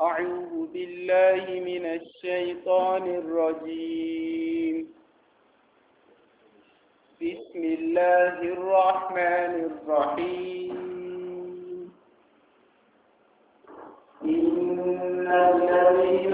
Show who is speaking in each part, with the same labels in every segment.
Speaker 1: أعوذ بالله من الشيطان الرجيم بسم الله الرحمن الرحيم
Speaker 2: إن الذين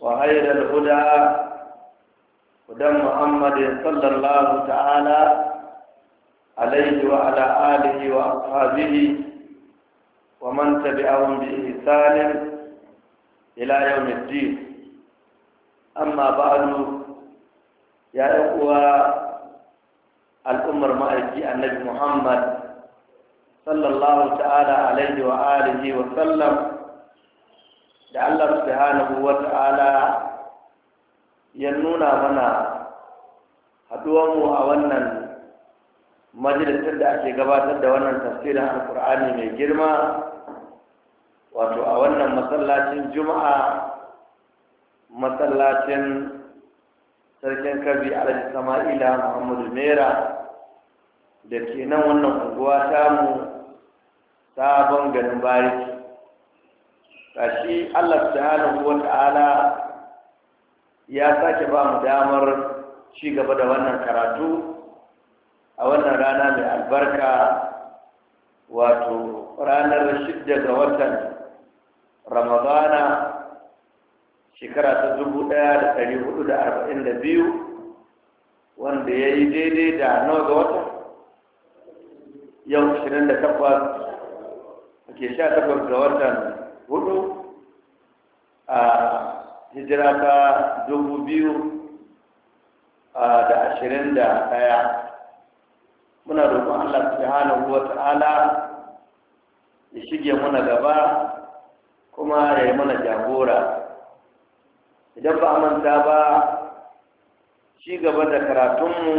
Speaker 2: وخير الهدى هدى محمد صلى الله تعالى عليه وعلى آله وأصحابه ومن تبعهم بإحسان إلى يوم الدين أما بعد يا إخوة الأمر مأجي النبي محمد صلى الله تعالى عليه وآله وسلم da Allah subhanahu wa ta'ala ya nuna mana haduwanmu a wannan majalisar da ake gabatar da wannan tafsirin alkur'ani mai girma wato a wannan masallacin juma'a masallacin sarkin kabi alhaji sama'ila muhammadu naira da ke nan wannan unguwa tamu sabon ganin bariki kashi Allah subhanahu ta'ala ya sake ba mu damar ci gaba da wannan karatu a wannan rana mai albarka wato ranar shidda ga watan ramadana shekara ta dubu ɗaya da ɗari hudu da arba'in da biyu wanda ya yi daidai da nawa ga watan yau ashirin da takwas ake sha takwas ga watan hudu a hijira ta dubu biyu da ashirin da ɗaya muna roƙon Allah subhanahu wa ta'ala ya shige muna gaba kuma ya yi mana jagora idan ba manta ba ci gaba da karatunmu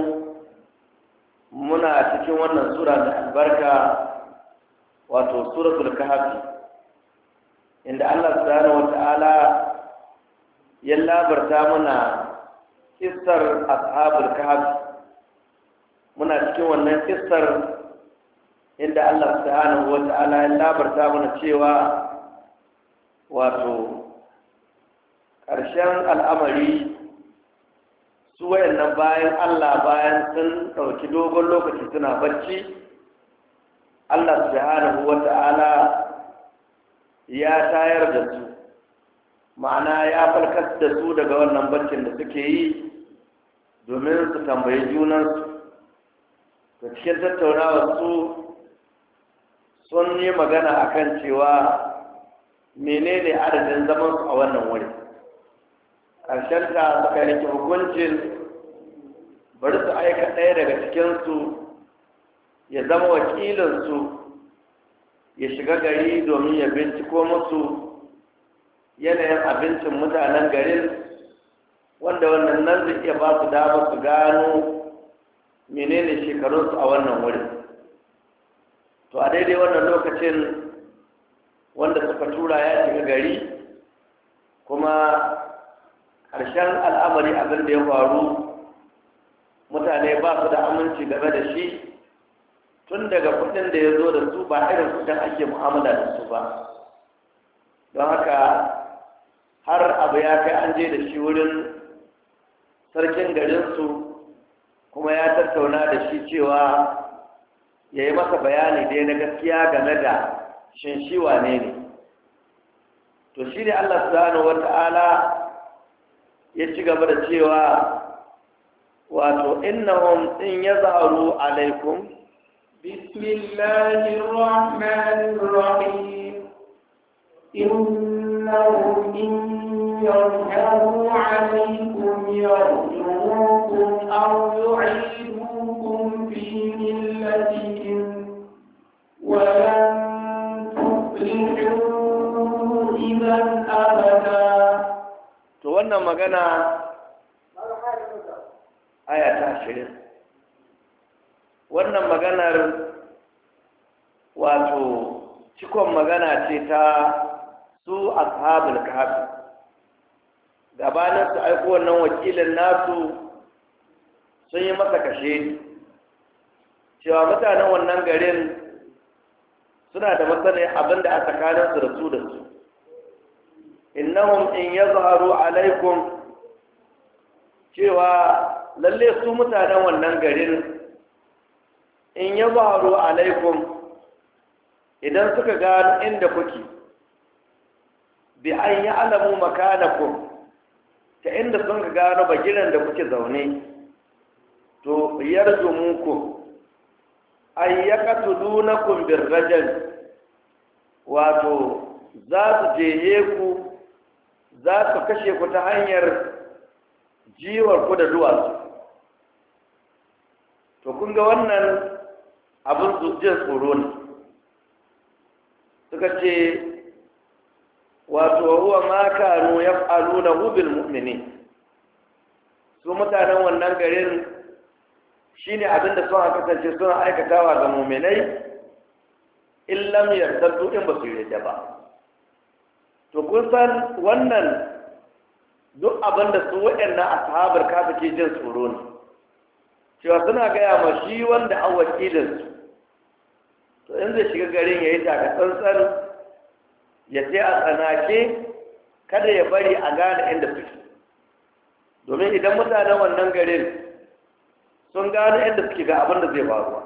Speaker 2: muna cikin wannan sura da albarka wato suratul kahfi inda Allah subhanahu wata'ala ya labarta mana kissar ashabul kahf muna cikin wannan kissar inda Allah subhanahu wata'ala ya labarta mana cewa wato ƙarshen al'amari su wayannan bayan Allah bayan sun ɗauki dogon lokaci suna bacci Allah subhanahu wata'ala ya tayar da su ma'ana ya farkar da su daga wannan baccin da suke yi domin su tambayi junansu da cikin tattaunawa su sun yi magana akan cewa menene adadin zaman su a wannan wuri ƙarshen ta suka yanke hukuncin bari su aika ɗaya daga cikinsu ya zama wakilinsu ya shiga gari domin ya binciko musu yanayin abincin mutanen garin wanda wannan nan zai iya ba su dama su gano menene shekarunsu a wannan wurin to a daidai wannan lokacin wanda suka tura ya shiga gari kuma ƙarshen al'amari abin da ya faru mutane ba su da aminci game da shi tun daga kuɗin da ya zo da su ba irin kudin ake mu'amala da su ba don haka har abu ya kai an je da shi wurin sarkin garinsu kuma ya tattauna da shi cewa ya yi masa bayani dai na gaskiya game da shin shi ne to shi ne allah subhanahu wata'ala ya ci gaba da cewa wato innahum in yazharu alaikum
Speaker 1: بسم الله الرحمن الرحيم إنهم إن يظهروا عليكم يرجموكم أو يعيدوكم في ملتهم ولن تفلحوا إذا أبدا
Speaker 2: تولنا مجانا آية 20 wannan maganar wato cikon magana ce ta su ashabul kafi gabanin su aiko wannan wakilin nasu sun yi masa kashe cewa mutanen wannan garin suna da matsalai abinda a su da su da su innahum in yazharu alaikum cewa lalle su mutanen wannan garin in ya baro alaikum idan suka gano inda kuke bi an yi alamu makanakum ta inda sun ka gano bagiran da kuke zaune to yarju muku ay yaqtulunakum birrajal wato za su jeye ku za su kashe ku ta hanyar jiwar ku da duwatsu to kun ga wannan abin jin tsoro ne suka ce wato huwa ma kanu yaf'aluna na hubin mu'mini su mutanen wannan garin shine abinda da suna kasance suna aikatawa ga mu'minai in lam yartaddu in su yarda ba to kun san wannan duk abin da su a sahabar kafa ke jin tsoro ne cewa suna gaya ma shi wanda an wakilinsu to in zai shiga garin ya yi taka tsantsan ya sai a tsanake kada ya bari a gane inda suke domin idan mutanen wannan garin sun gane inda suke ga abin da zai faru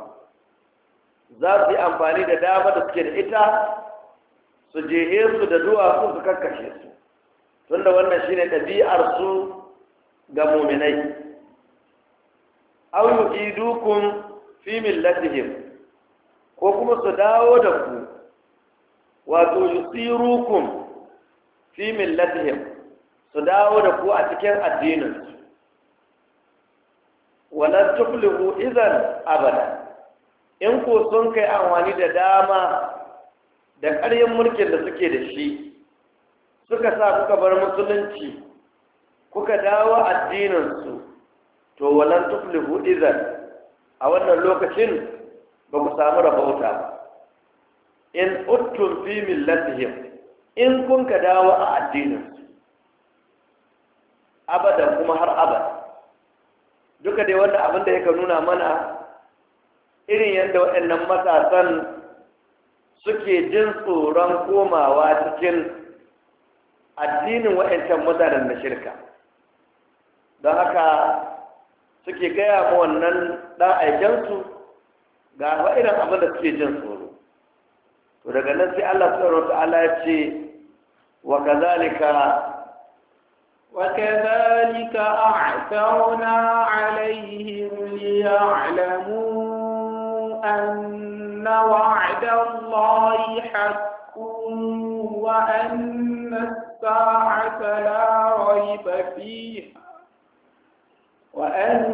Speaker 2: za su yi amfani da dama da suke da ita su jehe su da duwatsu su kakkashe su tunda wannan shine ɗabi'ar su ga muminai aw dukun fi millatihim ko kuma su dawo da ku wato yusirukum fi millatihim su dawo da ku a cikin addinin su wala tuflihu idan abada in ku sun kai amfani da dama da ƙaryan mulkin da suke da shi suka sa kuka bar musulunci kuka dawo addininsu to walan tuflihu idan a wannan lokacin ba ku samu rabauta ba in utun fi millatihim in kun ka dawo a addinin abadan kuma har abada duka dai wanda abin da yake nuna mana irin yadda waɗannan matasan suke jin tsoron komawa cikin addinin waɗancan mutanen na shirka don haka suke gaya ma wannan ɗan aikensu ga wa'irin abin da suke jin tsoro to daga nan sai Allah subhanahu Allah ya ce wa kazalika
Speaker 1: وكذلك أعثرنا عليهم ليعلموا أن وعد الله حق وأن الساعة لا ريب فيها وأن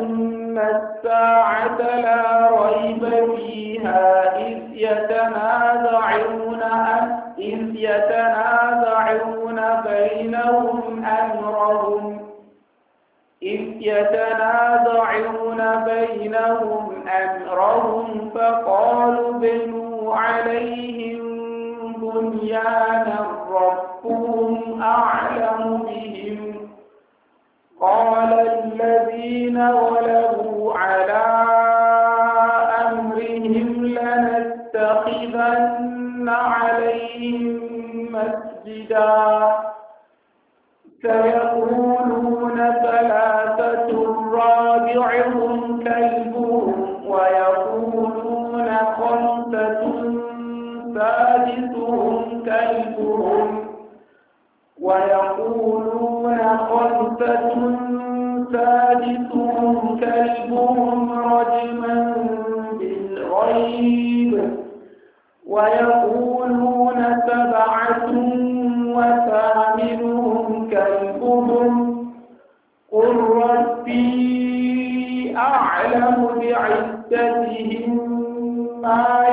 Speaker 1: الساعة لا ريب فيها إذ يتنازعون إذ يتنازعون بينهم أمرهم إذ يتنازعون بينهم أمرهم فقالوا بنوا عليهم بنيانا ربهم أعلم بهم قال الذين غلبوا على أمرهم لنتخذن عليهم مسجدا سيقولون ثلاثة رابعهم كلبهم ويقولون خمسة سادسهم كلبهم ويقولون خلفة ثالثهم كلبهم رجما بالغيب ويقولون سبعة وثامنهم كلبهم قل ربي أعلم بعدتهم ما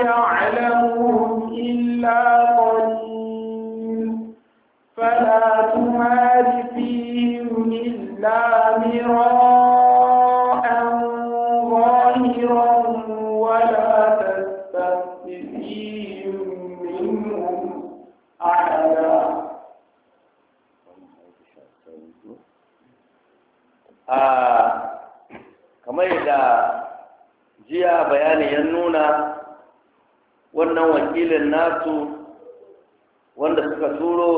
Speaker 2: wakilin nasu wanda suka turo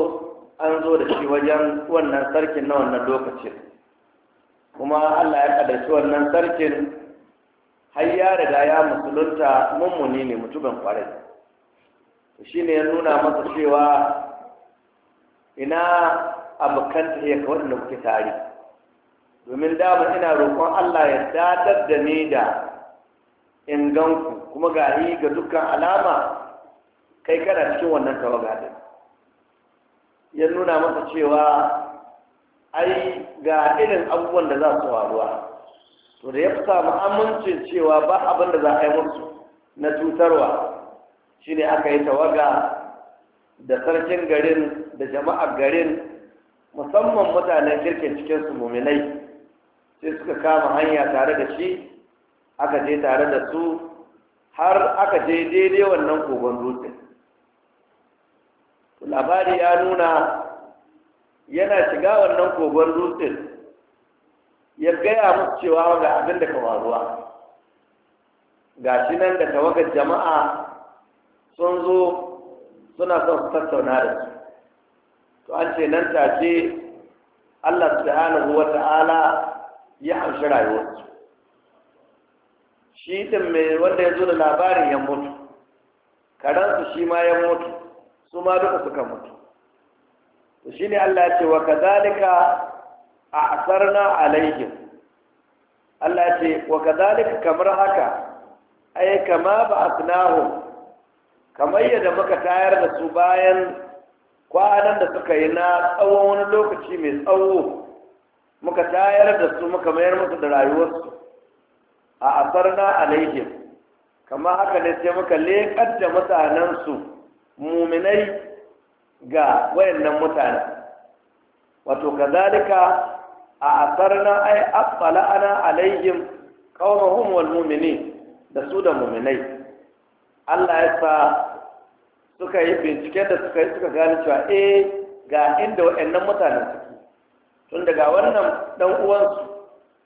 Speaker 2: an zo da shi wajen wannan sarkin na wannan lokacin kuma allah ya kadarci wannan sarkin har ya riga ya musulunta mummuni ne mutumin kwarai shi ne ya nuna masa cewa ina abokan ta iya kawai da kuke tare domin dama ina roƙon allah ya dadar da ni da inganku kuma ga yi ga dukkan alama kai kana cikin wannan tawaga din ya nuna masa cewa ai ga irin abubuwan da za su faruwa to da ya samu amincin cewa ba abin da za a yi musu na cutarwa shine aka yi tawaga da sarkin garin da jama'ar garin musamman mutanen kirkin cikin su muminai sai suka kama hanya tare da shi aka je tare da su har aka je daidai wannan kogon dutsen labari ya nuna yana shiga wannan kogon dutsen ya gaya musu cewa ga abin da ka faruwa ga shi nan da tawagar jama'a sun zo suna son su tattauna da su to an ce nan ta ce Allah subhanahu wa ta'ala ya amshi rayuwarsu shi din mai wanda ya zo da labarin ya mutu karansu shi ma ya mutu su ma duka suka mutu to shine Allah ya ce wa kadhalika a'sarna alaihim Allah ya ce wa kadhalika kamar haka ay kama ba'athnahum kamar yadda muka tayar da su bayan kwanan da suka yi na tsawon wani lokaci mai tsawo muka tayar da su muka mayar musu da rayuwarsu a asar na alaihim kama haka ne sai muka leƙar da mutanensu muminai ga wayannan mutane wato kazalika a asarna ai afala ana alaihim qaumahum wal mu'minin da su da muminai Allah ya sa suka yi bincike da suka yi suka gane cewa eh ga inda wayannan mutane suke tun daga wannan dan uwansu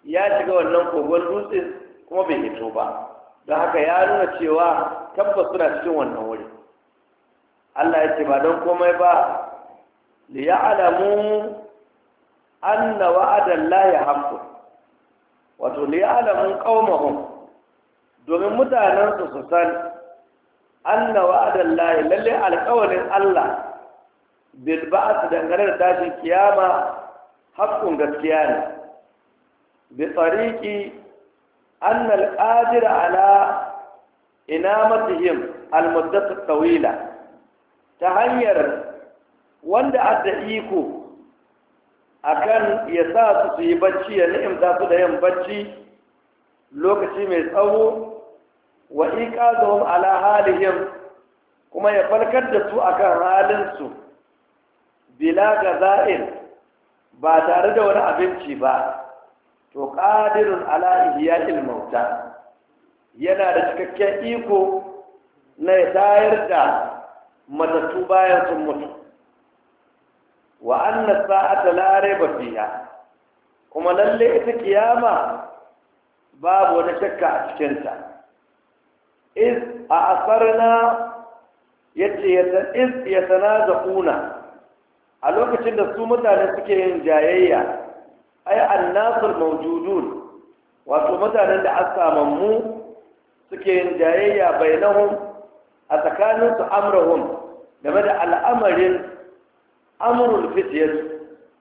Speaker 2: ya shiga wannan kogon dutse kuma bai hito ba don haka ya nuna cewa tabbas suna cikin wannan Allah ya ce ba don komai ba li ya'lamu anna wa'ada Allah haqqu wato li ya'lamu qaumahum domin mutanen su su san anna wa'ada Allah lalle alƙawarin Allah bil ba'th dangane da tashin kiyama haqqun gaskiya ne bi tariqi anna al-qadir ala inamatihim al-muddat at-tawila ta hanyar wanda a da iko akan ya sa su su yi bacci ya za su da yin bacci lokaci mai tsawo wa iqazuhum ala halihim kuma ya farkar da su akan halinsu bila ga za'in ba tare da wani abinci ba to ƙadirin ala ihya'il mauta yana da cikakken iko na ya tayar da matattu bayan sun mutu wa annas sa'ata la raiba fiha kuma lalle ita kiyama babu wani shakka a cikin ta iz a asarna yace yata iz kuna a lokacin da su mutane suke yin jayayya ay annasul mawjudun wato mutanen da asamammu suke yin jayayya bainahum a tsakaninsu amrahum game da al'amarin Amurin fitiyar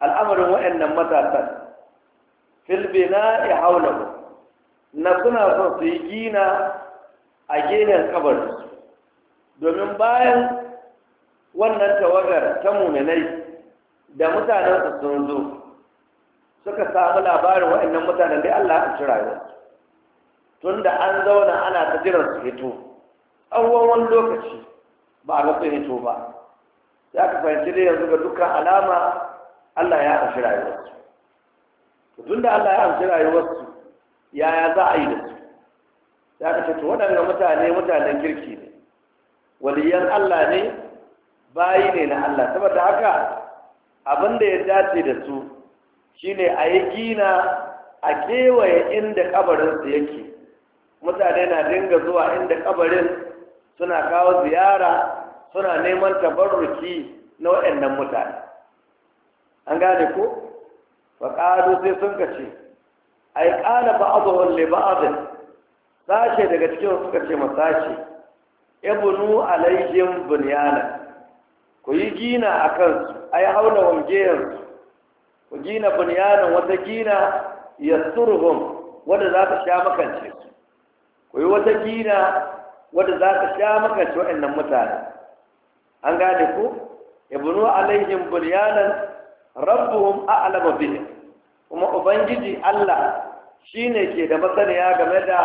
Speaker 2: al'amarin waɗannan matasan ya bina'i ba, na suna son su yi gina a genin Kabar, domin bayan wannan tawagar ta muminai da mutanen sun zo suka samu labarin waɗannan mutanen da Allah a cira yau tun da an zauna ana ta jiran su fito tsawon wani lokaci ba a rasa hito ba Ya ka fahimci dai yanzu ga dukkan alama Allah ya amshi rayuwarsu to tun da Allah ya amshi rayuwarsu yaya za a yi da su Ya ka ce to waɗanda mutane mutanen kirki ne waliyan Allah ne bayi ne na Allah saboda haka abin da ya dace da su shine a yi gina a kewaye inda kabarinsu yake mutane na dinga zuwa inda kabarin suna kawo ziyara suna neman tabarruki na waɗannan mutane an gane ko wa sai sun ka ce a yi ƙana ba a zuwan sashe daga cikin suka ce masashe ibnu alaihim bunyana ku yi gina a kansu a yi wange wangeyarsu ku gina bunyanin wata gina yasturhum wadda za ta sha makance su ku yi wata gina wadda za ta sha makance waɗannan mutane an gane ku ibnu alaihim bulyanan rabbuhum a'lam bih kuma ubangiji Allah shine ke da masaniya game da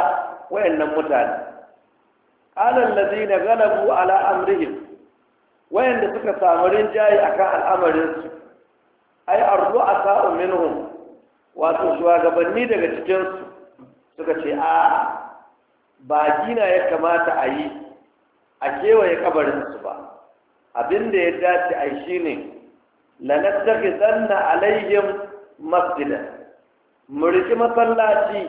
Speaker 2: wayannan mutane qala allazina ghalabu ala amrihim wayanda suka samu rinjaye akan al'amarin su ai ardu asa'u minhum wato shugabanni daga cikin su suka ce a ba gina ya kamata a yi a kewaye kabarin su ba abin da ya dace a shi ne lanattaki zanna alaihim Masjida. mu masallaci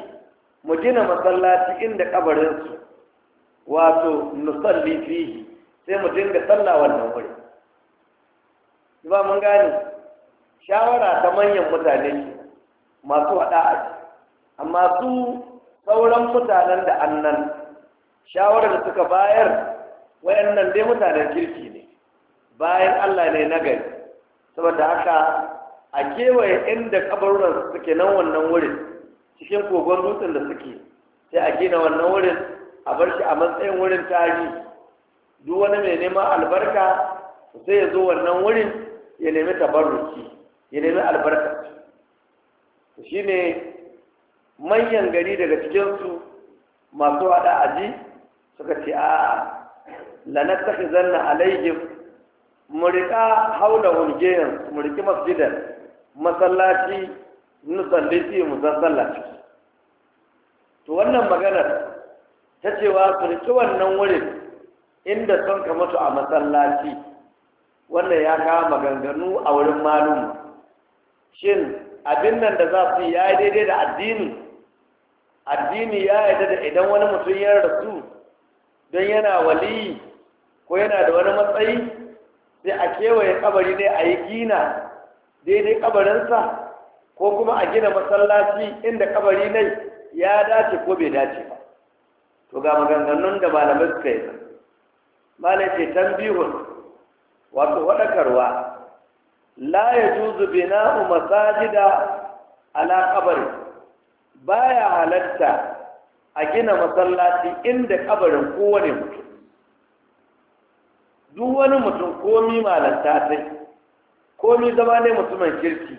Speaker 2: mu gina masallaci inda kabarinsu wato nusalli fihi sai mu dinga sallah wannan wuri ba mun gane shawara ta manyan mutane ce masu haɗa a amma su sauran mutanen da annan shawarar da suka bayar wayannan dai mutanen kirki ne bayan Allah ne na gari saboda haka a kewaye inda kabarunan suke nan wannan wurin cikin kogon dutsen da suke sai a gina wannan wurin a bar shi a matsayin wurin tarihi duk wani mai neman albarka sai ya zo wannan wurin ya nemi tabarruki ya nemi albarka shi ne manyan gari daga cikinsu masu haɗa aji suka ce a lanar tafi zanna alaihim murika riƙa haula hulgenin mu riƙi masjidan masallaci na fi mu san to wannan maganar ta cewa su riƙi wannan wurin inda son ka mutu a masallaci wannan ya kawo maganganu a wurin malum shin abin nan da za su ya yi daidai da addini addini ya yarda da idan wani mutum ya rasu don yana waliyi ko yana da wani matsayi sai a kewaye kabari ne a yi gina daidai kabarinsa ko kuma a gina masallaci inda kabari ne ya dace ko bai dace ba to ga maganganun da malamai suka yi malai ce tambihun wato wadakarwa la ya juzu bina'u masajida ala Ba baya halatta a gina masallaci inda kabarin kowane mutum duk wani mutum komi malanta sai komi zama ne mutumin kirki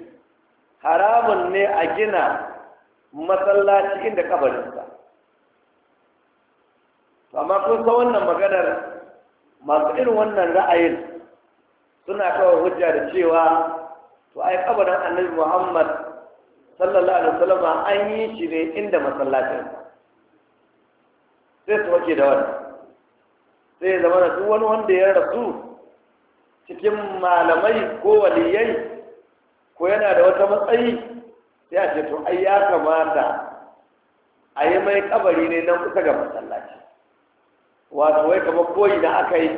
Speaker 2: haramun ne a gina masallaci inda kabarinsa amma kun san wannan maganar masu irin wannan ra'ayin suna kawai hujja da cewa to ai kabarin annabi muhammad sallallahu alaihi wasallam an yi shi ne inda masallacin sai su wake da wannan sai ya zama da duk wani wanda ya rasu cikin malamai ko waliyai ko yana da wata matsayi sai a ce to ai ya kamata a yi mai kabari ne nan kusa ga masallaci wato wai kama koyi da aka yi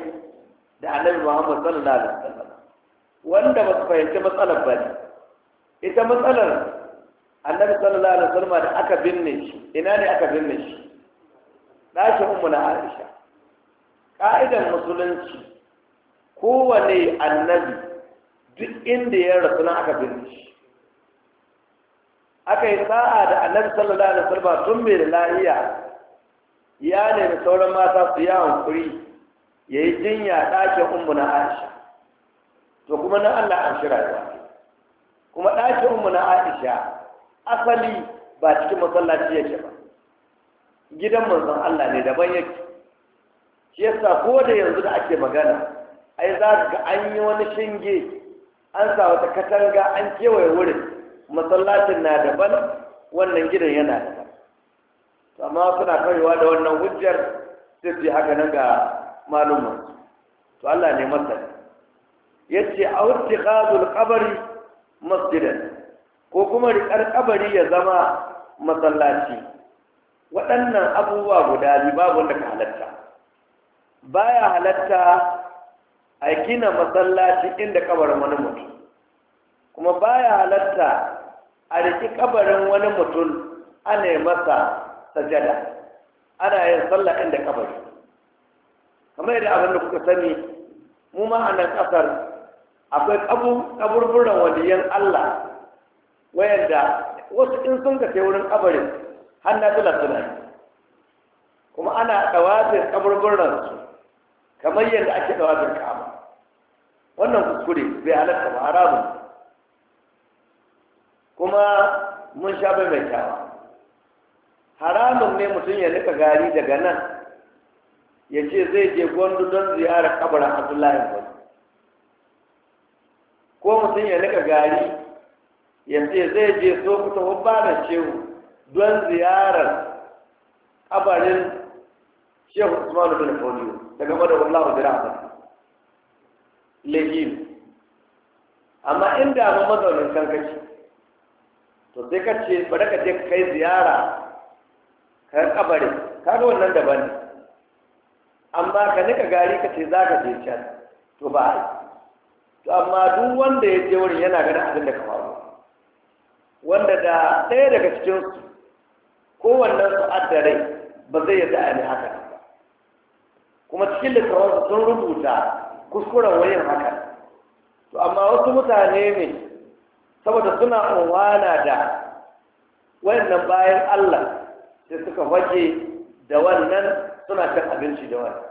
Speaker 2: da annabi muhammad sallallahu alaihi wasallam wanda ba su fahimci matsalar ba ne ita matsalar annabi sallallahu alaihi wasallam da aka binne shi ina ne aka binne shi ɗakin ummu na aisha ƙa'idar musulunci kowane annabi duk inda ya rasu na aka binne shi aka yi sa'a da annabi sallallahu alaihi wasallam tun bai da lahiya ya nemi sauran mata su yi hankuri ya yi jinya ɗakin umu na aisha to kuma na allah an shira ya kuma ɗakin umu na aisha asali ba cikin masallaci yake ba gidan manzon allah ne daban yake shi yasa ko da yanzu da ake magana ai za ga an yi wani shinge an sa wata katanga an kewaye wurin masallacin na daban wannan gidan yana daban amma suna karewa da wannan hujjar sai su haka nan ga malumin to Allah ne masani yace auttiqadul qabri masjidan ko kuma riƙar kabari ya zama masallaci waɗannan abubuwa guda biyu babu wanda ka halatta baya halatta a gina masallaci inda kabarin wani mutum kuma baya halatta a riki kabarin wani mutum ana yi masa sajada ana yin sallah inda kabari kamar yadda abin da kuka sani mu ma a nan kasar akwai kaburburan waliyan Allah wayanda wasu in sun ka wurin kabarin har na tula kuma ana dawafin kaburburan su kamar yadda ake wajen kama wannan kuskure bai halatta ba haramun kuma mun sha bai mai kyawa haramun ne mutum ya nika gari daga nan ya ce zai je gwandu don ziyarar kabarin abdullahi gwandu ko mutum ya nika gari ya ce zai je so kuta da shehu don ziyarar kabarin shehu usman bin fodiyo daga mada wallahu bi rahmat lehin amma inda mu mazaunin kankaci to sai ka ce bari ka je kai ziyara ka kabari kaga wannan daban ne amma ka nika gari ka ce za ka je can to ba to amma duk wanda ya je wurin yana ganin abin da ka faru wanda da ɗaya daga cikin su kowannen su adda rai ba zai yadda a ne haka kuma cikin littafansu sun rubuta kuskuren wayan haka to amma wasu mutane ne saboda suna unwana da wayannan bayan Allah sai suka waje da wannan suna cin abinci da wani.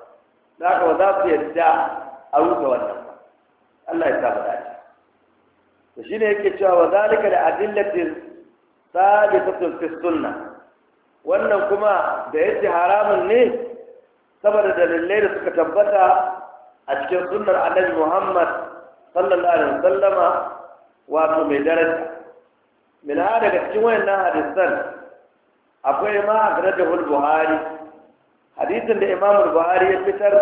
Speaker 2: da haka ba za su yadda a rufe wannan Allah ya sa mu dace to ne yake cewa wa zalika da adillatin sabitatun fi sunna wannan kuma da yake haramun ne saboda dalilai da suka tabbata a cikin sunnar annabi muhammad sallallahu alaihi wasallama wato mai daraja min daga cikin wayannan hadisan akwai ma akhrajahu al-buhari hadisin da imam al-buhari ya fitar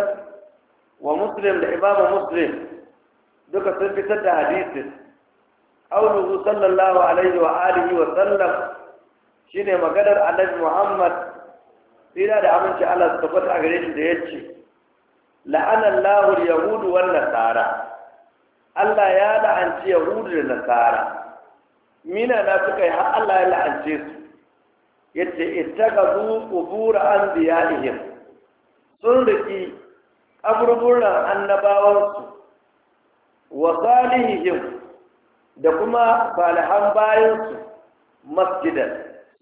Speaker 2: wa muslim da imam muslim duka sun fitar da hadisin qawluhu sallallahu alaihi wa alihi wa sallam shine maganar annabi muhammad tsira da aminci Allah su tabbata a gare shi da ya ce la'anan lahur yahudu wan nasara Allah ya la'anci yahudu da nasara mina na suka yi har Allah ya la'ance su yace ittakazu qubur anbiya'ihim sun riki kaburburan annabawansu wa salihihim da kuma falihan bayansu masjidan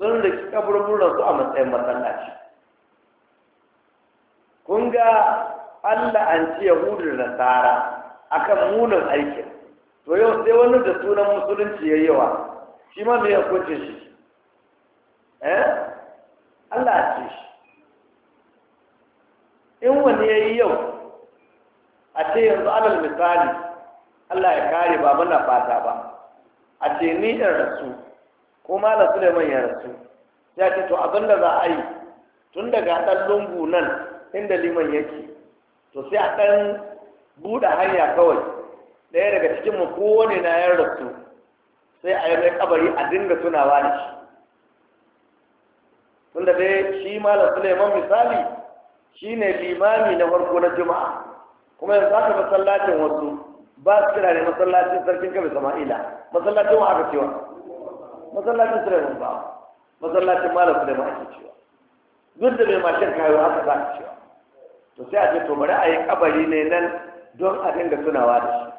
Speaker 2: sun riki kaburburan su a matsayin masallaci kun ga Allah an ci Yahudu da Nasara kan munin aikin to yau sai wani da sunan musulunci ya yawa shi ma mai hukuncin shi eh Allah a ce shi in wani ya yi yau a ce yanzu alal misali Allah ya kare ba muna fata ba a ce ni in rasu ko malam Suleiman ya rasu ya ce to abin da za a yi tun daga ɗan lungu nan inda liman yake to sai a ɗan buɗe hanya kawai ɗaya daga cikin mu kowane na yan rasu sai a yi kabari a dinga tunawa da shi tunda dai shi malam suleiman misali shi ne limami na farko na juma'a kuma yanzu aka masallacin wasu ba su kira ne masallacin sarkin kabe sama'ila masallacin wa aka cewa masallacin suleiman ba masallacin malam suleiman ake cewa duk da mai mashin kayo haka za ka cewa to sai a ce to bari a yi kabari ne nan don a dinga tunawa da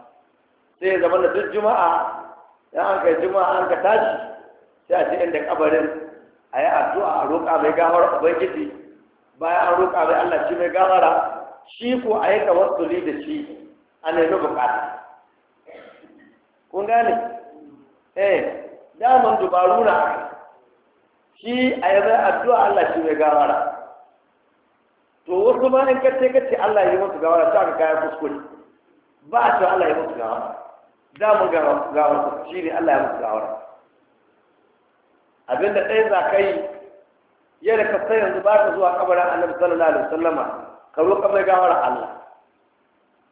Speaker 2: shi sai ya zama da duk juma'a ya an kai juma'a an ka tashi sai a ce inda kabarin a yi addu'a a roƙa mai gawar ubangiji bayan an roƙa mai allah shi mai gawara shi ko a yi wasuli da shi a nemi bukata kun gane eh daman dubaru na shi a yi mai addu'a allah shi mai gawara to wasu ma in kace kace Allah ya mutu gawara ta ka kaya kuskure ba ta Allah ya mutu gawara da mu ga gawara shi ne Allah ya musu gawara abinda ɗaya za kai yi yadda ka sai yanzu ba ka zuwa kabarin annabi sallallahu alaihi wasallama ka roƙa mai gawar Allah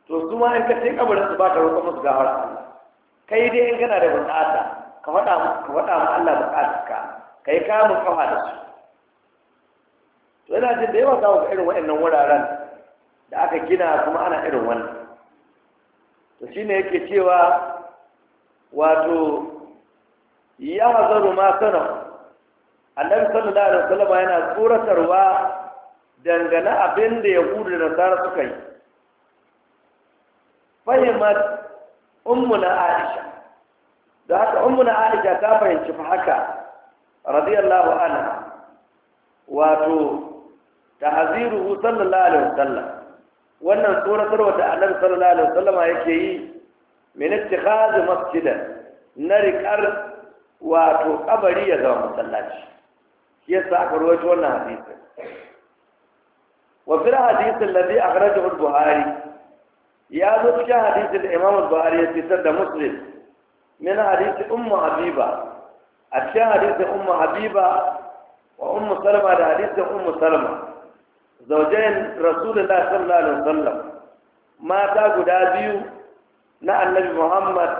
Speaker 2: to su ma in kace kabarin su ba ka roƙa musu gawara Allah kai dai in kana da bukata ka faɗa ka faɗa ma Allah bukatarka kai mu kafa da su to yana jin da yawa za ga irin waɗannan wuraren da aka gina kuma ana irin wannan to ne yake cewa wato ya hazaru ma sana annabi sallallahu alaihi wasallam yana tsoratarwa dangane abin da yahudu da nasara suka yi fahimar ummuna aisha da haka ummuna aisha ta fahimci fa haka radiyallahu anha wato tahziruhu sallallahu alaihi wasallam wannan tsoratarwa da annabi sallallahu alaihi wasallam yake yi min ittikhaz masjidan na riƙar wato kabari ya zama masallaci shi yasa aka rawaito wannan hadisin wa fil hadith alladhi akhrajahu al-buhari ya zo cikin hadisin da imam al-buhari ya fitar da muslim min hadisi ummu habiba a cikin hadisin ummu habiba wa ummu salma da hadisin ummu salma zaujain rasulullah sallallahu alaihi wasallam mata guda biyu na annabi muhammad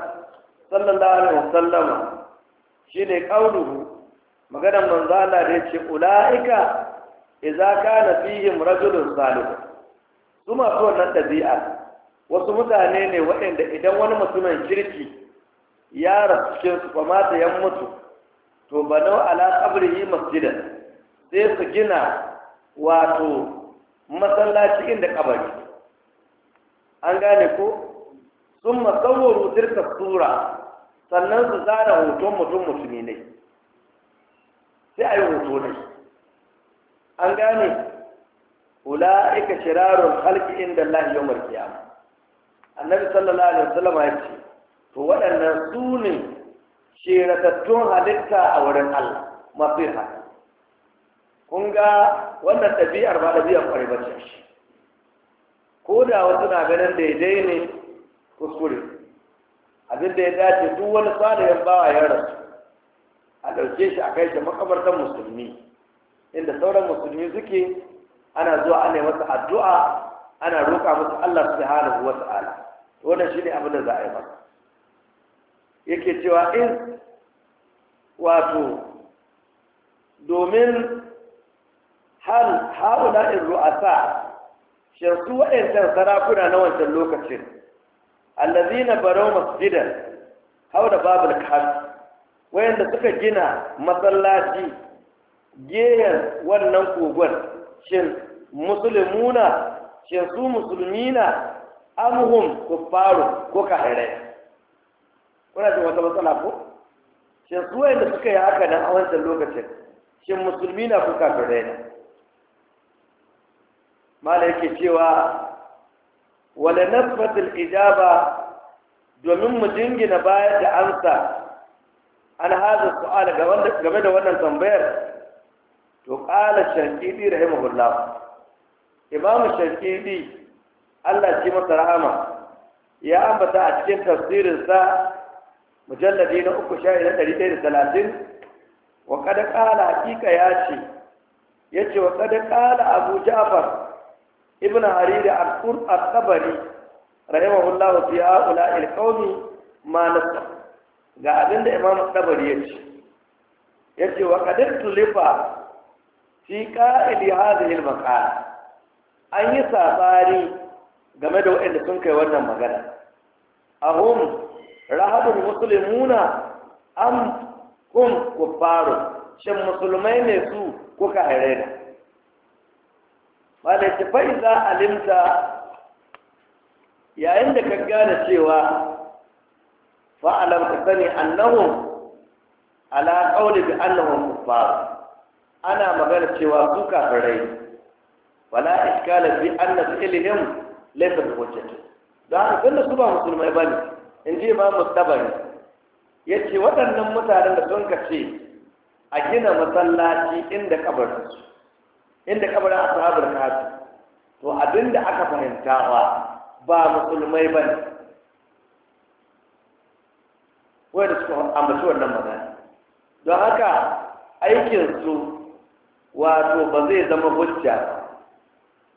Speaker 2: sallallahu alaihi wasallam shine qauluhu maganar manzo Allah da yace ulaika idza kana fihim rajulun salih su masu wannan dabi'a wasu mutane ne waɗanda idan wani mutumin kirki ya rasu cikin su ba mata yan mutu to banau ala qabrihi masjidan sai su gina wato masallaci inda kabari an gane ko sun masauwaru tilka sura sannan su zara hoton mutum mutumi ne sai a yi hoto ne an gane ula'ika shirarun halki inda Allah yau markiyama annabi sallallahu alaihi wasallam ya ce to waɗannan su ne shiratattun halitta a wurin Allah mafi haka kun ga wannan ɗabi'ar ba da biyan fari shi ko da wasu na ganin daidai ne kuskure abin da ya dace duk wani ya bawa ya rasu a ɗauke shi a kai shi makabartar musulmi inda sauran musulmi suke ana zuwa ana yi masa addu'a ana roƙa masa Allah hana wa ta'ala wannan shi ne abin da za a yi masa yake cewa in wato domin hal haula in ru'asa shin su waɗancan sarakuna na wancan lokacin allazina barau masjidan da babul kahf wayanda suka gina masallaci geyen wannan kogon shin musulmuna shin su musulmina amhum kuffaru ko kahirai kuna jin wata matsala ko shin su wayanda suka yi haka nan a wancan lokacin shin musulmina ko kafirai ne mala yake cewa wala nasbatul ijaba domin mu jingina bayar da amsa, an haza su'al game da wannan tambayar to qala shaqiqi rahimahullah imamu shaqiqi Allah ji masa rahama ya ambata a cikin tafsirin sa mujalladi na 3 sha'i na 130 wa kada qala hakika ya ce yace wa kada qala abu ja'far ibn harir al-qur al-tabari rahimahullahu fi aula al-qawmi ma ga abinda imam al tabari yace ce wa qadar tulifa fi qa'ili hadhihi al-maqala an yi safari game da waɗanda sun kai wannan magana ahum rahadul muslimuna am kum kuffaru shin musulmai ne su kuka haire za fa'iza alimta yayin da ka gane cewa fa'alam ka sani annahum ala qawli bi annahum ana magana cewa su kafirai wala iskala bi anna ilhim laysa bi da an tunda su ba musulmai bane in ji imam mustabari yace waɗannan mutanen da sun kace a gina masallaci inda kabarin su inda kabarin ashabul kafi to abinda aka fahimtawa ba musulmai ba ne da suka ambaci wannan magana don haka aikinsu wato ba zai zama hujja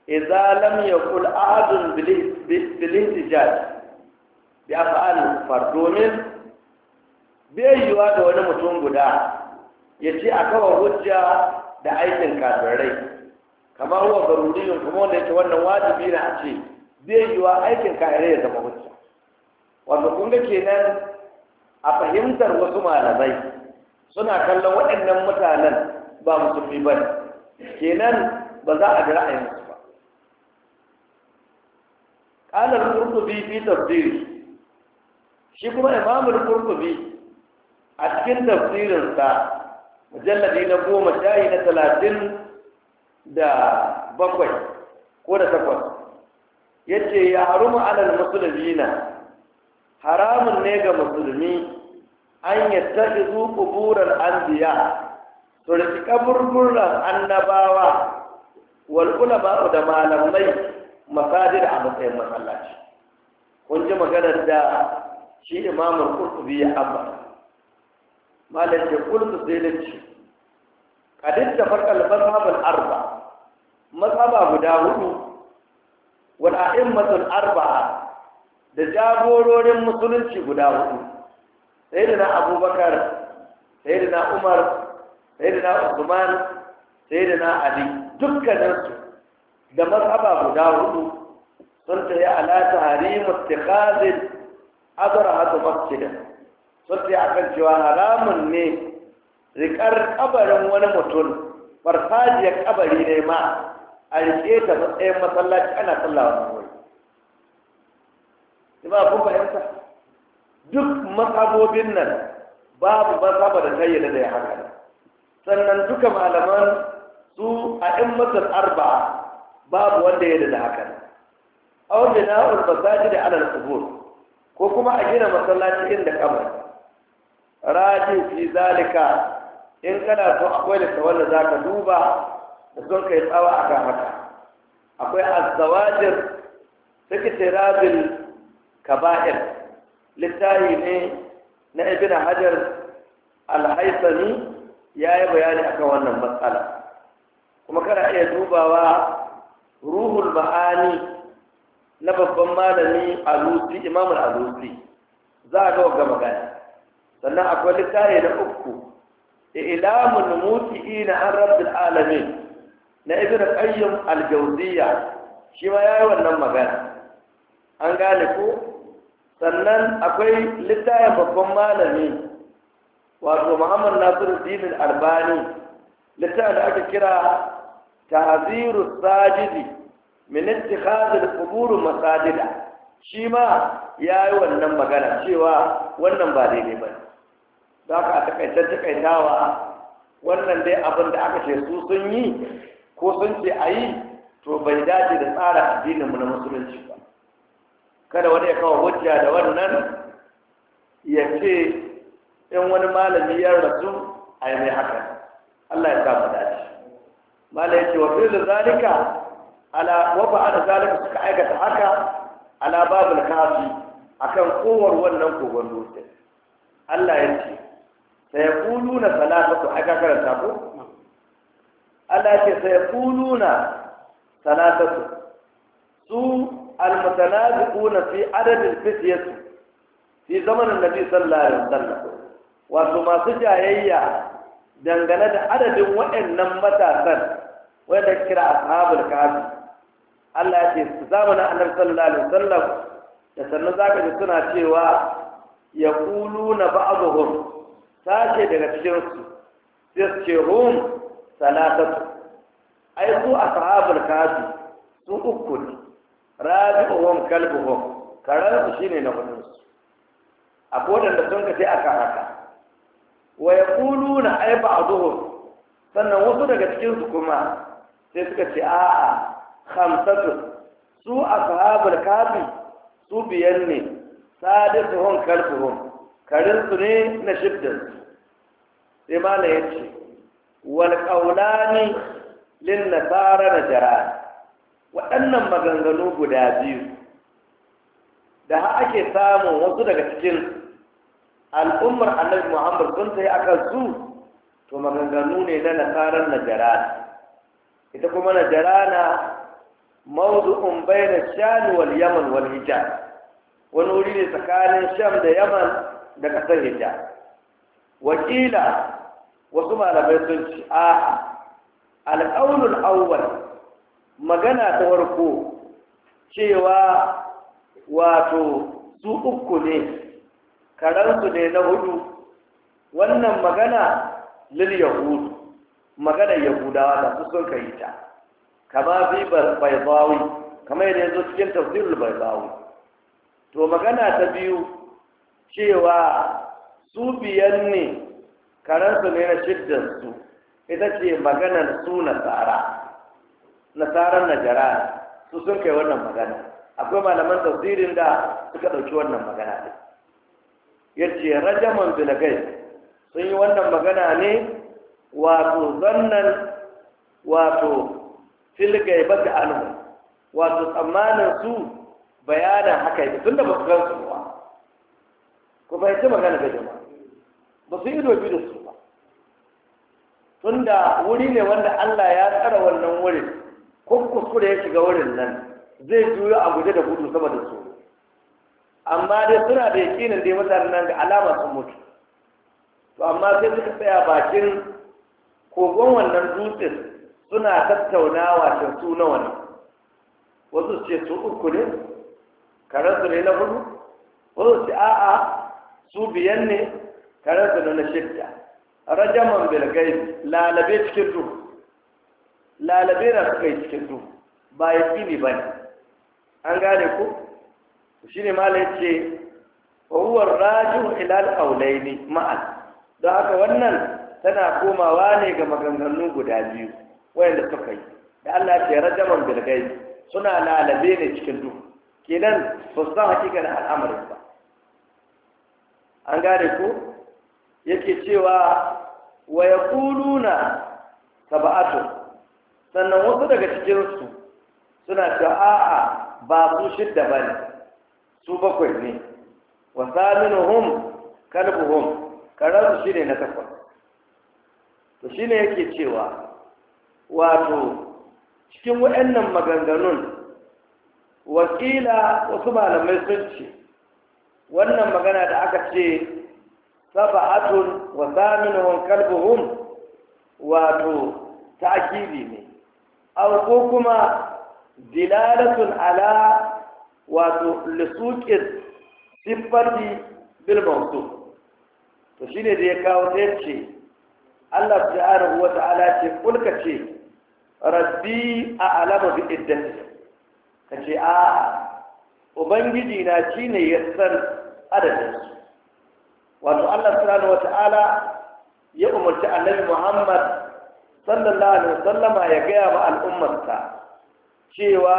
Speaker 2: idza lam yakul ahadun bil ihtijaj bi af'al fardumin bai yiwa da wani mutum guda ya ce a kawo hujja da aikin kafirai kamar huwa yin kuma wanda yake wannan wajibi na a ce zai yi wa aikin kafirai ya zama hujja wanda kun ga kenan a fahimtar wasu malamai suna kallon waɗannan mutanen ba musulmi ba ne? kenan ba za a ga ra'ayinsu ba Ƙalar kurkubi fi tafsiri shi kuma imamul kurkubi a cikin tafsirinsa mujalladi na goma yi na talatin da bakwai ko da takwas ya ya harumu alal musulmi na haramun ne ga musulmi an yi tafi zuku kuburar an biya su riki kaburburan annabawa walƙula ba da malamai masajid a matsayin masallaci kun ji maganar da shi imamul kurtubi ya ambata malam ya kulta sai kadin da farkal mazhabal arba mazhaba guda hudu wal a'immatul arba'a da jagororin musulunci guda hudu sayyidina abubakar sayyidina umar sayyidina usman sayyidina ali dukkaninsu da mazhaba guda hudu sun tayi ala tahrimu ittikhazil azra hatu masjidan sun ce a kan cewa haramun ne rikar kabarin wani mutum farfajiyar kabari ne ma a rike ta matsayin masallaci ana sallah wani wuri ba kun fahimta duk masabobin nan babu masaba da ta da ya haka sannan duka malaman su a ɗin masar arba'a babu wanda ya da haka aw bina'ul masajid da alal qubur ko kuma a gina masallaci inda kabari rajin fi zalika in kana so akwai da wanda zaka duba da son kai tsawa akan haka akwai azawajir tirabil kaba'ir littahi ne na ibn hajar alhaisani ya yi bayani akan wannan matsala kuma kana iya dubawa ruhul ma'ani na babban malami alusi imamul alusi za a ga gama magana sannan akwai littafi na uku ilamun muti'i na an rabbil alamin na ibn qayyim al-jawziyya shi ma wannan magana an gane ko sannan akwai littafin babban malami wato muhammad nasiru, al-albani littafin da aka kira tahziru sajidi min ittikhadhi al masajida shi ma yayi wannan magana cewa wannan ba daidai ne. za ka takaita takaitawa wannan dai abin da aka ce su sun yi ko sun ce a yi to bai dace da tsara addininmu na musulunci ba kada wani ya kawo hujja da wannan ya ce in wani malami ya rasu a yi mai haka Allah ya samu dace malai ya ce wa fil zalika ala wa ba'da zalika suka aikata haka ala babul kafi akan kowar wannan kogon dutse Allah ya ce sayaquluna salatatu aka karanta ko Allah ce sayaquluna salatatu su almutanaziquna fi adadil fityati fi zamanin nabi sallallahu alaihi wasallam wato masu jayayya dangane da adadin waɗannan matasan wanda kira ashabul kafi Allah ya ce zamanin annabi sallallahu alaihi wasallam da sannan zaka ji suna cewa yaquluna ba'dhum Sake daga cikinsu sai su ce rum salatatu ai su ashabul kafi su uku ne rabi'uhum kalbuhum karar su shine na hudun su akwai wadanda sun kace aka haka wa yaquluna ay ba'dhum sannan wasu daga cikin su kuma sai suka ce a'a khamsatu su ashabul kafi su biyan ne sadisuhum kalbuhum su ne na shibdinsu sai mala ya ce walƙaunani lin nasara na jara waɗannan maganganu guda biyu da ha ake samun wasu daga cikin al'ummar annabi muhammad sun sai akan su to maganganu ne na nasarar najara ita kuma na mawdu'un in sham wal yaman wal hijab wani wuri ne tsakanin sham da yaman da kasar hijja wakila wasu malamai sun ci a alƙaunul awwal magana ta farko cewa wato su uku ne karansu ne na hudu wannan magana lil yahudu magana yahudawa da su sun kai ta kama fi bai kamar yadda ya cikin tafsirul baibawi to magana ta biyu cewa su biyan ne karansu ne na shiddansu ita ce maganar su nasara nasarar najara su sun kai wannan magana akwai malaman tafsirin da suka ɗauki wannan magana ne ya ce rajaman bilagai sun yi wannan magana ne wato zannan wato filgai ba ta wato tsammanin su bayanin haka yi tun da ba su gansu ku fahimci magana ga jama'a ba su ido bi da su ba tunda wuri ne wanda Allah ya tsara wannan wurin ko kuskure ya shiga wurin nan zai juyo a guje da gudu saboda su amma dai suna da yakinin dai mutanen nan ga alama sun mutu to amma sai suka tsaya bakin kogon wannan dutsen suna tattaunawa da su na wani wasu ce su uku ne ne na hudu wasu ce a'a su biyan ne tare da na shidda rajaman bilgai lalabe cikin duhu lalabe na suka yi cikin duhu ba ya fi ne ba ne an gane ku shi ne ma ce wawuwar rajin ilal aulai ne ma'al don aka wannan tana komawa ne ga maganganu guda biyu wayanda suka yi da Allah ce rajaman bilgai suna lalabe ne cikin duhu kenan ba su san al'amarin ba an gane ku yake cewa wa yaquluna sannan wasu daga cikin su suna cewa a'a ba su shidda ne su bakwai ne wa kalbu hum karar su ne na takwas to shine yake cewa wato cikin wa'annan maganganun wakila wasu malamai sun ce wannan magana da aka ce saba'atun wa wa kalbuhum wato ta'kidi ne aw ko kuma dilalatun ala wato lisuqin sifati bil mawtu to shine da ya kawo ta yace Allah subhanahu wa ta'ala ce kulka ce rabbi a alama bi iddati kace a ubangiji na shi ne ya san adadinsu wato allah subhanahu wa ta'ala ya umarci annabi muhammad sallallahu alaihi wasallama ya gaya wa al'ummarsa cewa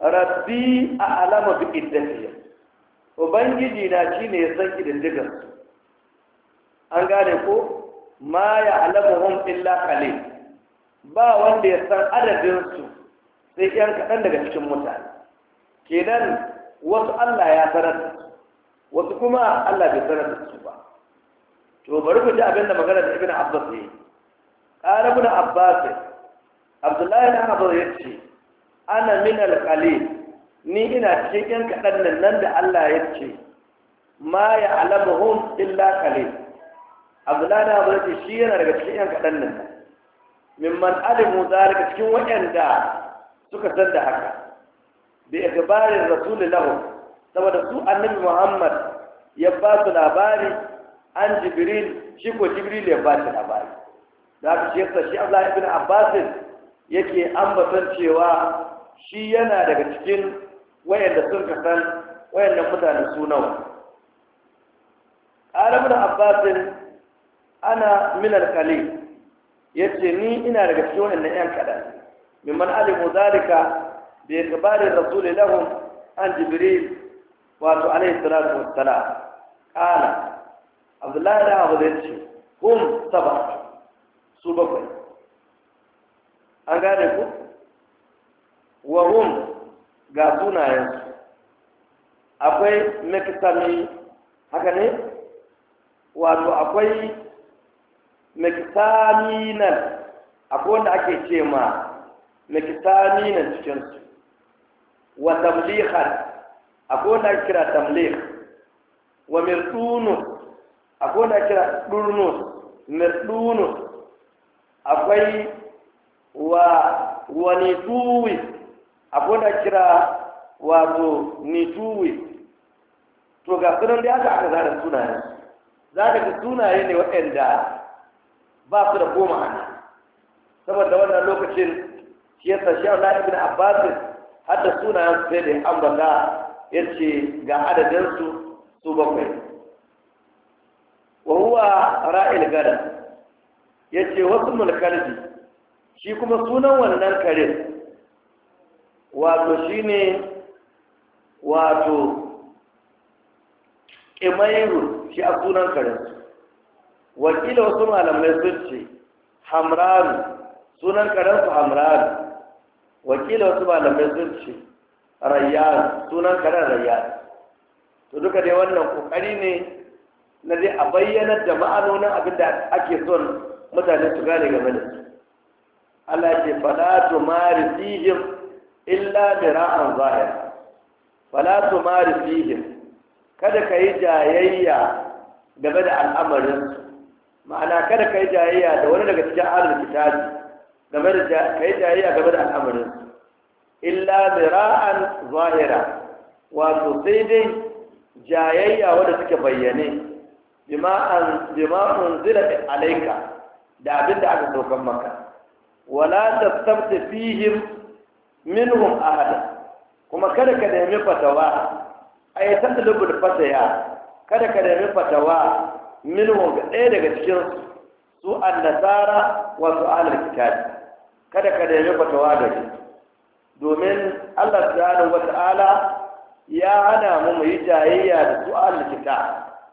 Speaker 2: rabbi a alama bi iddatiya ubangiji na shi ne ya san ididdigansu an gane ko ma ya alamuhum illa kale. ba wanda ya san adadinsu sai yan kaɗan daga cikin mutane kenan wasu Allah ya sanar da wasu kuma Allah bai sanar da su ba to bari ku ji abin da magana da ibn abbas ne qala ibn abbas abdullahi ibn abbas ce. ana min al-qalil ni ina cikin kadan nan nan da Allah ya ce. ma ya alamuhum illa qalil abdullahi ibn abbas shi yana daga cikin yan kadan nan mimman alimu zalika cikin waɗanda suka san da haka bi ikbarin rasul saboda su annabi muhammad ya ba su labari an jibril shi ko jibril ya ba su labari da haka ce yasa shi abdullahi ibn abbas yake ambaton cewa shi yana daga cikin wayanda sun kasan wayanda mutane su nawa qala ibn abbas ana min al yace ni ina daga cikin wayanda yan kadan mimman alimu zalika bi ikhbarin rasul lahum an jibril wato alaihi salatu wassalam qala abdullahi da abu zai ce hum saba su bakwai an gane ku wa hum ga sunayensu akwai mekisami haka ne wato akwai mekisaminan akwai wanda ake ce ma mekisaminan cikinsu wa tamlihan akwai wanda kira tamlih wa mirdunu akwai wanda kira durnu mirdunu akwai wa wa nituwi akwai wanda kira wato nituwi to ga sunan da aka aka zara sunayen za ka ga sunaye ne waɗanda ba su da goma ana saboda wannan lokacin shi ya yasa shi Allah ibn Abbas hadda sunayen sai da ambata ya ce ga adadinsu su bakwai wa ra'il gada ya ce wasu mulkarji shi kuma sunan wannan kare wato shi ne wato imairu shi a sunan karensu wakila wasu malamai sun ce hamraru sunan karensu hamraru wakila wasu ba sun ce rayyan sunan karen rayyan to duka dai wannan kokari ne na zai a bayyanar da ma'anonin abin da ake son mutane su gane game da su Allah ce fala tu mari fihim illa mira'an zahir fala tu mari fihim kada ka yi jayayya game da al'amarin ma'ana kada ka yi jayayya da wani daga cikin ahlul kitabi game da kai jayayya game da al'amarin illa zira'an zahira wato sai dai jayayya wanda suke bayyane bima an bima unzila alayka da abin da aka dokan maka wala tastabta fihim minhum ahad kuma kada ka nemi fatawa ay da fataya kada ka nemi fatawa minhum ɗaya daga cikin su annasara wa su ahlul kitabi kada ka nemi fatawa da shi domin Allah subhanahu wata'ala ya hana mu mu yi jayayya da su'al kita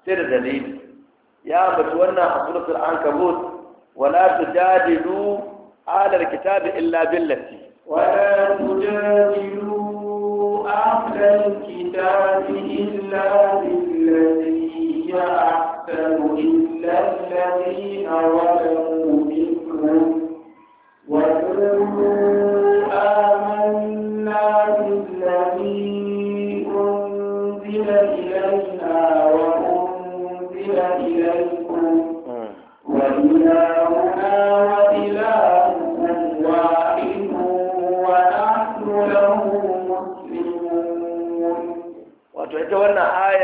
Speaker 2: sai da dalili ya batu wannan a suratul ankabut wala tujadilu ala alkitabi illa billati
Speaker 1: wala tujadilu ala alkitabi illa billati ya ahsanu illa alladhina zalamu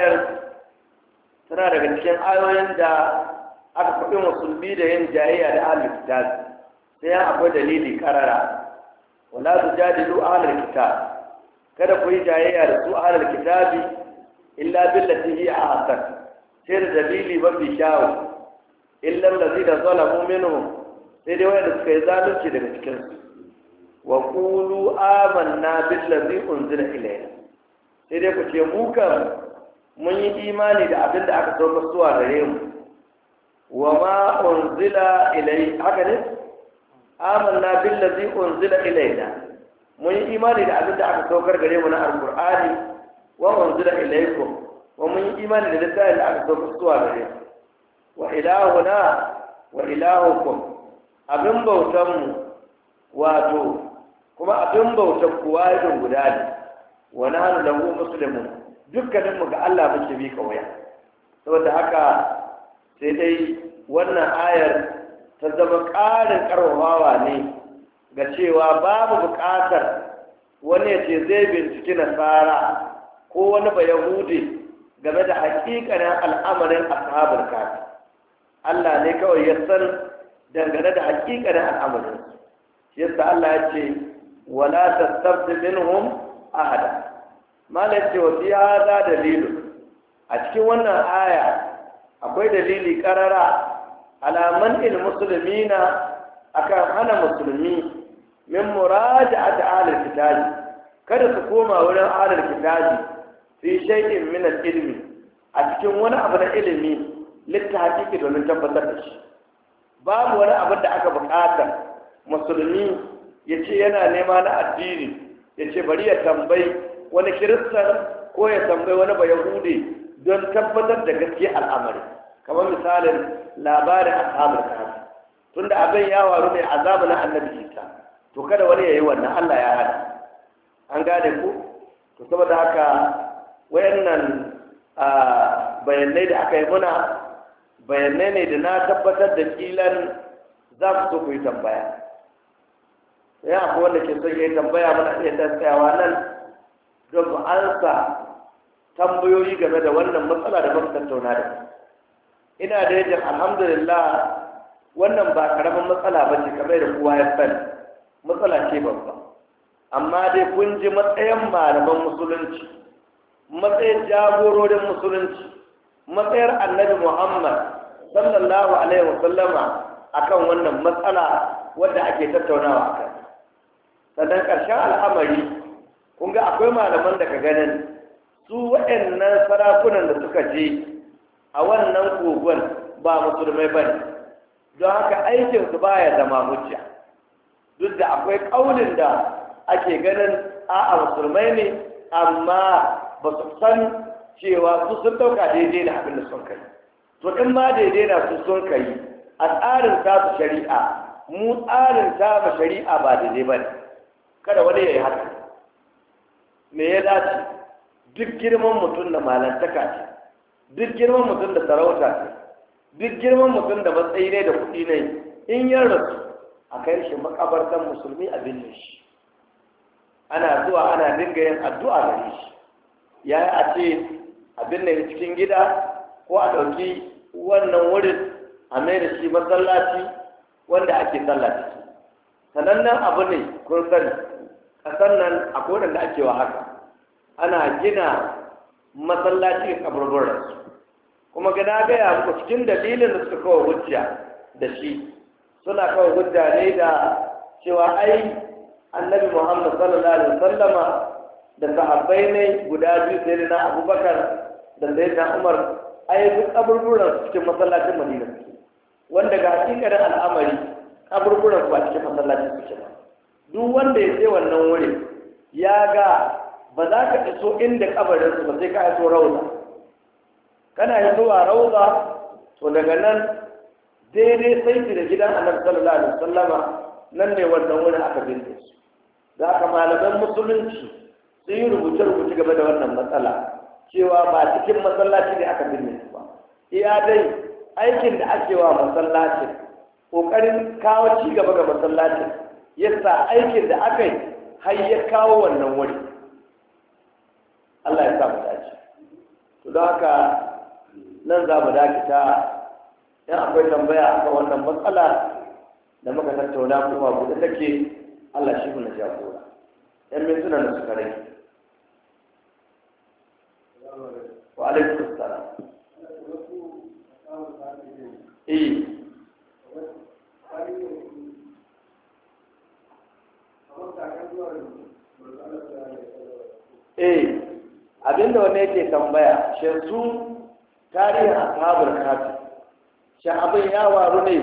Speaker 1: ayar
Speaker 2: tana daga cikin ayoyin da aka faɗi musulmi da yin jayayya da ahlul kitab sai ya akwai dalili karara wala su tujadilu ahlul kitab kada ku yi jayayya da su ahlul kitab illa billati hi ahsan sai da dalili mafi kyawu illa da zalamu minhum sai dai wanda suka yi zalunci daga cikin wa qulu amanna billazi unzila ilayna sai dai ku ce mu kan mun yi imani da abin da aka saukar zuwa gare mu wa ma unzila ilai haka ne amanna billazi unzila ilaina mun yi imani da abin da aka saukar gare mu na alqur'ani wa unzila ilaikum wa mun yi imani da littafin da aka saukar zuwa gare mu wa ilahuna wa ilahukum abin bautan mu wato kuma abin bautan kuwa irin guda ne wa nahnu lahu muslimun dukkaninmu ga Allah muke bi kawaya saboda haka sai dai wannan ayar ta zama ƙarin ƙarfafawa ne ga cewa babu buƙatar wani ya ce zai binciki nasara ko wani ba yahudi game da hakikanin al'amarin ashabul kafi Allah ne kawai ya san dangane da hakikanin al'amarin yadda Allah ya ce wala tastabdi minhum ahada Malik ce fi hada dalilu a cikin wannan aya akwai dalili karara alaman il musulmina akan hana musulmi min a ta'alar kitaji. kada su koma wurin alar kitaji fi shaikin min ilimi ilmi a cikin wani abu na ilimi littafi domin tabbatar da shi babu wani abin da aka bukata musulmi ya ce yana nema na addini ya ce bari ya tambayi wani Kirista ko ya tambayi wani ba yahude don tabbatar da gaske al'amari kamar misalin labarin ashabar tunda abin ya waru mai azabu na annabi isa to kada wani ya yi wannan allah ya hada an gane ku to saboda haka wayannan bayanai da aka yi muna bayanai ne da na tabbatar da kilan za ku so ku yi tambaya ya akwai wanda ke son ya yi tambaya mana iya tsayawa nan don mu ansa tambayoyi game da wannan matsala da muka tattauna da ina da yajin alhamdulillah wannan ba karamin matsala ba ce kamar da kowa ya sani matsala ce babba amma dai kun ji matsayin malaman musulunci matsayin jagororin musulunci matsayar annabi muhammad sallallahu alaihi wasallama akan wannan matsala wadda ake tattaunawa a kai sannan ƙarshen al'amari kun ga akwai malaman da ka ganin su waɗannan sarakunan da suka je a wannan kogon ba musulmai ba ne don haka aikinsu ba ya zama hujja duk da akwai ƙaunin da ake ganin a musulmai ne amma ba su san cewa su sun ɗauka daidai da abin da sun kai to in ma daidai na su sun kai a tsarin tasu shari'a mu tsarin tasu shari'a ba daidai ba ne kada wani ya yi haka me ya dace duk girman mutum da malantaka ce duk girman mutum da sarauta ce duk girman mutum da matsayi ne da kuɗi ne in yin rasu a kai shi makabartan musulmi a binne shi ana zuwa ana dinga yin addu'a gare shi ya a ce a binne cikin gida ko a ɗauki wannan wurin a mai da shi masallaci wanda ake sallaci Sanannen abu ne kun sani sannan a kodan da ake wa haka ana gina masallaci ga kaburburansu kuma gana gaya ku cikin dalilin da suka kawo hujja da shi suna kawo hujja ne da cewa ai annabi muhammad sallallahu alaihi wasallama da sahabbai ne guda biyu sai na abubakar da sai na umar ai duk kaburburan cikin masallacin madina wanda ga hakikarin al'amari kaburburan ba cikin masallacin suke ba duk wanda ya je wannan wurin ya ga ba za ka iso inda kabarin su ba sai ka iso rauza kana yi zuwa rauza to daga nan daidai saiti da gidan annabi sallallahu alaihi wasallama nan ne wannan wurin aka binne su za ka malaman musulunci sun yi rubuce-rubuce game da wannan matsala cewa ba cikin masallaci ne aka binne su ba iya dai aikin da ake wa masallacin ƙoƙarin kawo ci gaba ga masallacin ya sa aikin da aka yi har ya kawo wannan wuri Allah ya sa mu dace to don haka nan za mu ta in akwai tambaya akan wannan matsala da muka tattauna kuma buɗe take Allah shi mu na jagora yan mintuna da suka rage wa alaikum ne ke tambaya shanzu tarihin asabar kafi shi abin ya waru ne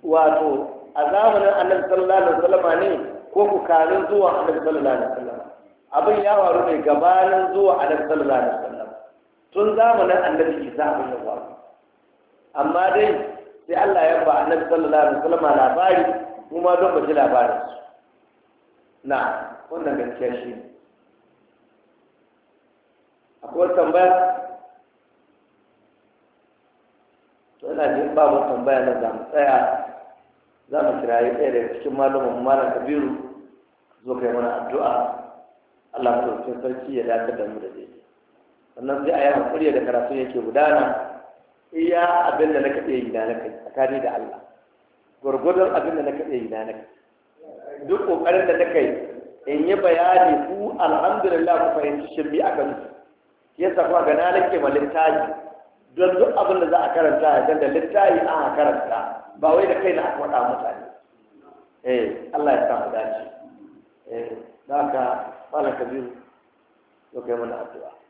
Speaker 2: wato a zamanin annabi sallallahu salama ne ko ku zuwa annabi sallallahu salama abin ya waru ne gabanin zuwa annabi sallallahu salama tun zamanin annabi isa abin ya waru amma dai sai Allah ya ba annabi sallallahu salama labari kuma don ba ji labarin na wannan gaskiya shi ne akwai tambaya to yana jin ba mu tambaya na za mu tsaya za mu kirayi ɗaya daga cikin malamin malam kabiru zo kai mana addu'a Allah mutum sarki ya dace da mu da zai sannan sai a yi hankuri da karatu yake gudana iya abin da na kaɗe yi na kai tsakani da Allah gwargwadon abin da na kaɗe yi na kai duk ƙoƙarin da na kai in yi bayani ku alhamdulillah ku fahimci shirbi a kansu ya kuma ga na nake ma littafi don duk abin da za a karanta ya da littafi an karanta ba wai da kai na aka faɗa mutane eh Allah ya sa mu dace eh da ka malam kabiru to kai mana addu'a